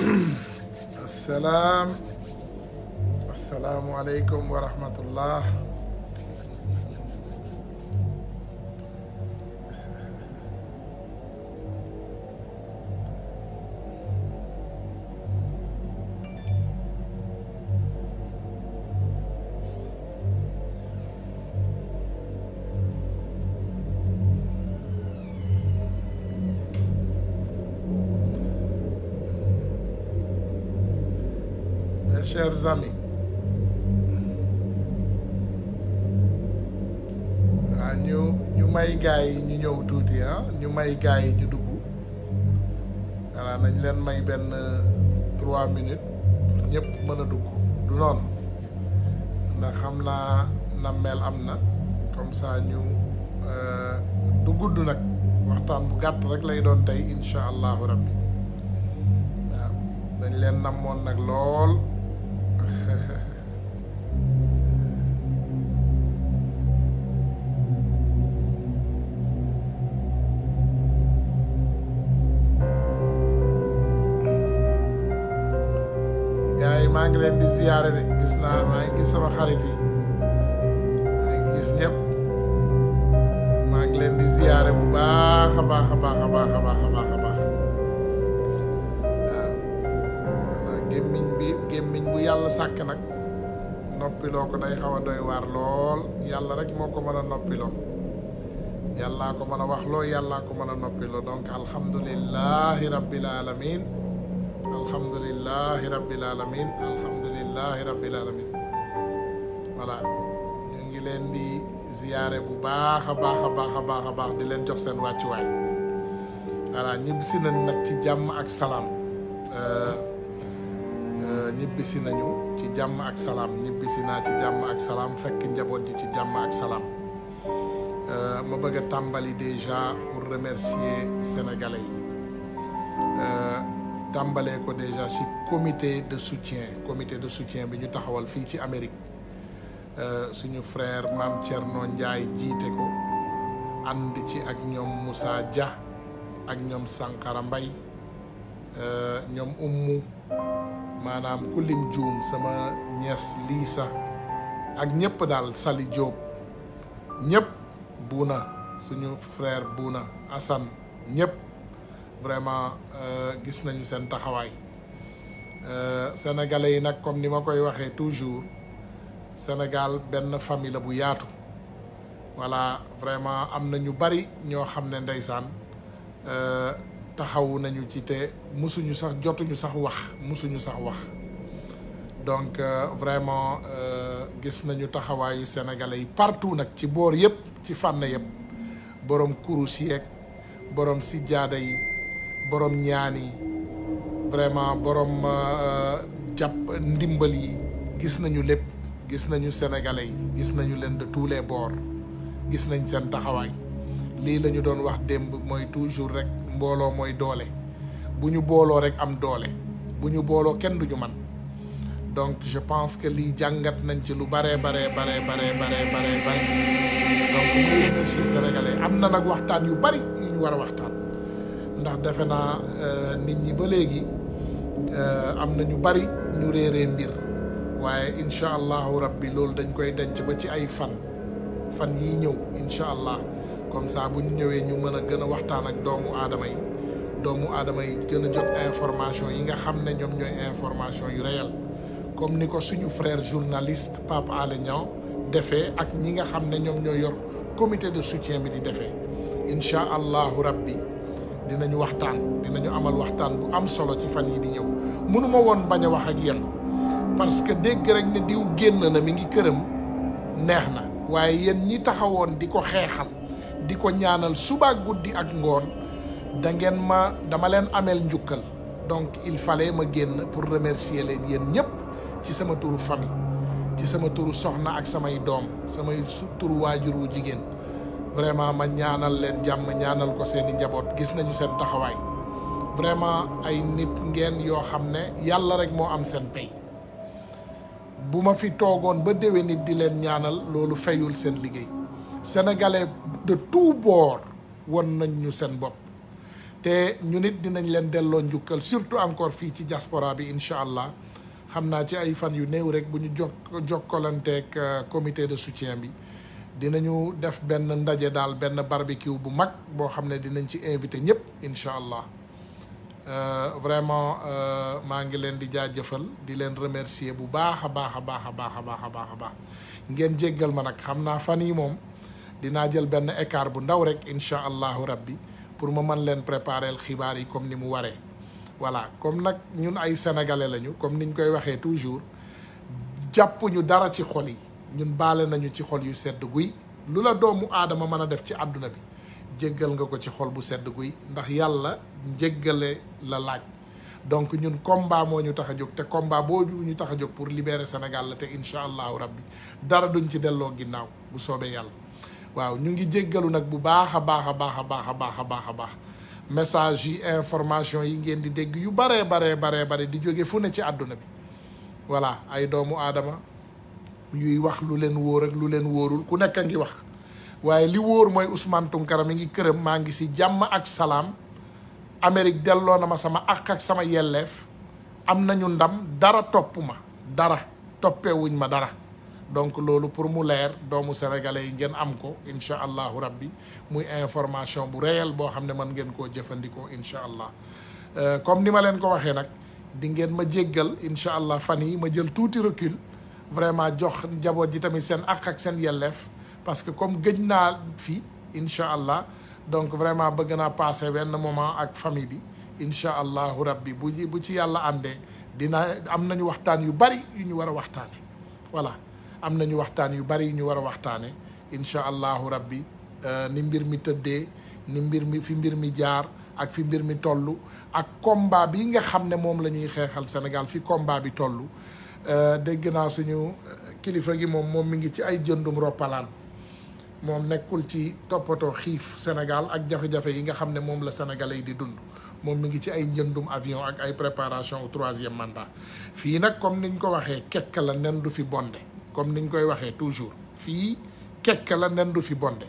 assalaam assalaamu aleykum wa rahmatullah chers amis waaw ah, ñu ñu may gaay yi ñu ñëw tuuti ah ñu may gaa yi ñu dugg voilà nañ leen may benn trois minutes pour ñëpp mën a dugg du noonu ndax xam naa nammeel am na comme ça ñu euh, du gudd nag waxtaan bu gàtt rek lay doon tey incha allahu rabbi waaw dañ leen namoon nag lool. gars yi maa ngi leen di ziyaare de gis naa maa ngi ngi gis ñëpp maa ngi leen di ziyaare bu baax baax a baax a baax a baax a baax gémmiñ bu yàlla sàkk nag noppiloo ko day xaw a doy waar lool yàlla rek moo ko mën a noppiloo yàllaa ko mën a wax loo yàllaa ko mën a noppiloo donc alhamdulillahi rabbil alamin alhamdulillahi rabbil alamin alhamdulillahi rabbil alamin voilà ñu ngi leen di ziyaare bu baax a baax a baax a baax a baax di leen jox seen wàccuwaay voilà ñibbisi nañ nag ci jàmm ak salaam euh, ñibbisi nañu ci jàmm ak salaam ñibbisi naa ci jàmm ak salaam fekk njaboot ji ci jàmm ak salaam euh, ma bëgg a tàmbali déjà pour remercier sénégalais yi euh, tàmbalee ko déjà ci comité de soutien comité de soutien bi ñu taxawal fii ci Amérique euh, suñu frère maam Thierno Ndiaye jiite ko ànd ci ak ñoom Moussa Dia ak ñoom sanqara mbay ñoom Oumou maanaam ku lim sama ñees lii sax ak ñëpp daal Sali Diop ñëpp buuna suñu frère buuna Assane ñëpp vraiment euh, gis nañu seen taxawaay euh, sénégalais yi nag comme ni ma koy waxee toujours Sénégal benn famille la bu yaatu voilà vraiment am na ñu bari ñoo xam ne ndeysaan euh, taxawu nañu ci te musuñu sax jotuñu sax wax musuñu sax wax donc euh, vraiment euh, gis nañu taxawaayu sénégalais yi partout nag ci boor yëpp ci fànn yëpp borom kurus yeeg borom sijaada yi borom ñaan yi vraiment borom euh, jàpp ndimbal yi gis nañu lépp gis nañu sénégalais yi gis nañu leen de tous les bords gis nañ seen taxawaay. lii lañu doon wax démb mooy toujours rek mbooloo mooy doole bu ñu booloo rek am doole bu ñu booloo kenn du ñu man donc je pense que lii jàngat nañ ci lu baree baree baree baree baree baree bare donc muy énergie sénégalais am na nag waxtaan yu bari yu ñu war a waxtaan ndax defe naa euh, nit ñi ba léegi euh, am na ñu bari ñu réeree mbir waaye incha allahu rabbi loolu dañ koy denc ba ci ay fan fan yii ñëw incha allah comme ça bu ñu ñëwee ñu mën a gën a waxtaan ak doomu aadama yi doomu aadama yi gën a jot information yi nga xam ne ñoom ñooy information yu réel comme ni ko suñu frère journaliste Pape Alé Niang defee ak ñi nga xam ne ñoom ñooy yor comité de soutien bi di defee incha allahu rabbi dinañu waxtaan dinañu amal waxtaan bu am solo ci fan yi di ñëw mënuma woon bañ a wax ak yéen parce que dégg rek ne diw génn na mi ngi këram neex na waaye yéen ñi taxawoon di ko xeexal di ko ñaanal suba guddi ak ngoon dangeen ma dama leen ameel njukkal donc il fallait ma génn pour remercier leen yéen ñëpp ci sama turu famille ci sama turu soxna ak samay doom samay turu waajur wu jigéen vraiment ma ñaanal leen jàmm ñaanal ko seeni njaboot gis nañu seen taxawaay vraiment ay nit ngeen yoo xam ne yàlla rek moo am seen pay bu ma fi toogoon ba dewe nit di leen ñaanal loolu fayul seen liggéey sénégalais de tout bord won nañ ñu seen bopp te ñu nit dinañ leen delloo njukkal surtout encore fii ci diaspora bi incha allah xam naa ci ay fan yu néew rek bu ñu jokk jokkalanteek euh, comité de soutien bi dinañu def benn ndaje daal benn barbecue bu mag boo xam ne dinañ ci invité ñëpp incha allah euh, vraiment euh, maa ngi leen di jaajëfal di leen remercier bu baax a baax a baax a baax a baax a baax ngeen jéggal ma nag xam naa fan yi moom dinaa jël benn écart bu ndaw rek incha allahu rabbi pour ma man leen préparer xibaar yi comme ni mu waree voilà comme nag ñun ay sénégalais lañu comme ni ñu koy waxee toujours jàpp ñu dara ci xol yi ñun baale nañu ci xol yu sedd guy lu la doomu aadama mën a def ci àdduna bi jéggal nga ko ci xol bu sedd guy ndax yàlla njéggale la laaj donc ñun combat moo ñu tax a jóg te combat boobu ñu tax a jóg pour libérer Sénégal la te incha allahu rabbi dara duñ ci delloo ginnaaw bu soobee yàlla waaw ñu ngi jéggalu nag bu baax a baax a baax a baax a baax a baax a baax message yi information yi ngeen di dégg yu baree bare baree bare di jóge fu ne ci àdduna bi voilà ay doomu aadama yuy wax lu leen wóor ak lu leen wóorul ku nekk ngi wax waaye li wóor mooy Ousmane Tounkara mi ngi këram maa ngi si jàmm ak salaam Amérique delloo na ma sama àq ak sama yelleef am nañu ndam dara topp ma dara toppewuñ ma dara donc loolu pour mu leer doomu sénégalais yi ngeen am ko incha allahu rabbi muy information bu réel boo xam ne man ngeen koo jëfandikoo incha allah euh, comme ni ma leen ko waxee nag di ngeen ma jéggal incha allah fan yi ma jël tuuti recul vraiment jox njaboot ji tamit seen àq ak seen yelleef parce que comme gëj naa fi incha allah donc vraiment bëgg naa passer benn moment ak famille bi incha allahu rabbi bu bu ci yàlla àndee dina am nañu waxtaan yu bari yu ñu war a waxtaane voilà am nañu waxtaan yu bari ñu war a waxtaane incha allahu rabbi euh, ni mbir mi tëddee ni mbir mi fi mbir mi jaar ak fi mbir mi toll ak komba bi nga xam ne moom la ñuy xeexal Sénégal fi combat bi toll euh, dégg naa suñu euh, kilifa gi moom moom mi ngi ci ay jëndum roppalaan moom nekkul ci toppatoo xiif Sénégal ak jafe-jafe yi nga xam ne moom la sénégalais yi di dund moom mi ngi ci ay jëndum avion ak ay préparation au troisième mandat fii nag comme niñ ko waxee kekk la nen du fi bonde comme ni ñu koy waxee toujours fii kekk la nen du fi bonde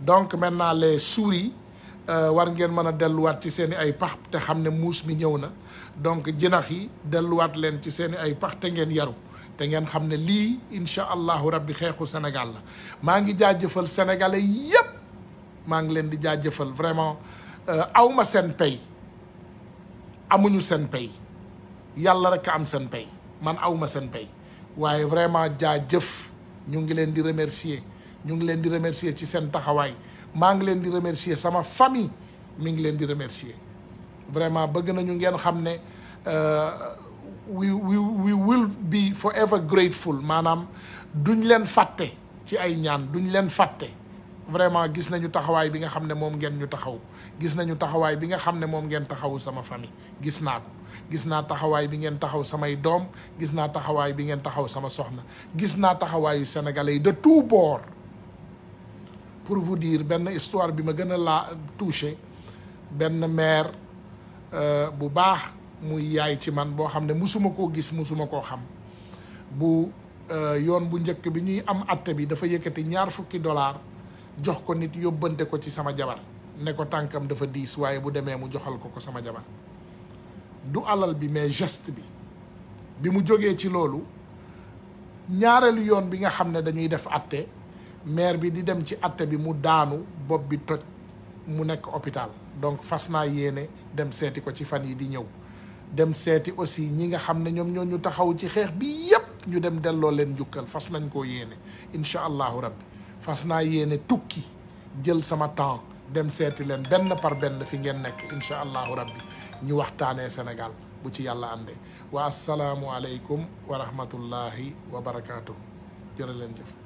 donc maintenant les souris euh, war ngeen mën a delluwaat ci seen i ay pax te xam ne muus mi ñëw na donc jinax yi delluwaat leen ci seen i ay pax te ngeen yaru te ngeen xam ne lii incha allahu rabbi xeexu senegal la maa ngi jaajëfal sénégalais yépp maa ngi leen di jaajëfal vraiment euh, awma seen pay amuñu seen pay yàlla rek a am seen pay man awma seen pay waaye vraiment jaa jëf ñu ngi leen di remercier ñu ngi leen di remercier ci seen taxawaay maa ngi leen di remercier sama famille mi ngi leen di remercier vraiment bëgg nañu ngeen xam ne euh, we we we will be forever grateful maanaam duñ leen fàtte ci ay ñaan duñ leen fàtte vraiment gis nañu taxawaay bi nga xam ne moom ngeen ñu taxaw gis nañu taxawaay bi nga xam ne moom ngeen taxawu sama famille gis naa ko gis naa taxawaay bi ngeen taxaw samay doom gis naa taxawaay bi ngeen taxaw sama soxna gis naa taxawaayu sénégalais yi de tout bord pour vous dire benn histoire bi ma gën a laa touché benn maire euh, bu baax muy yaay ci man boo xam ne mosuma koo gis musuma koo xam bu euh, yoon bu njëkk bi ñuy am ate bi dafa yëkkati ñaar fukki dollar jox ko nit yóbbante ko ci sama jabar ne ko tànkam dafa diis waaye bu demee mu joxal ko ko sama jabar du alal bi mais geste bi bi mu jógee ci loolu ñaareelu yoon bi nga xam ne dañuy def atte maire bi di dem ci atte bi mu daanu bopp bi toj mu nekk hôpital donc fas naa yéene dem seeti ko ci fan yi di ñëw dem seeti aussi ñi nga xam ne ñoom ñoo ñu taxaw ci xeex bi yépp ñu dem delloo leen njukkal fas lañ koo yéene incha allahu rabbi fas naa yéene tukki jël sama temps dem seeti leen benn par benn fi ngeen nekk incha allah rabbi ñu waxtaanee Sénégal bu ci yàlla àndee wa asalaamualeykum wa rahmatullahi wa barakaatu jërë leen jëf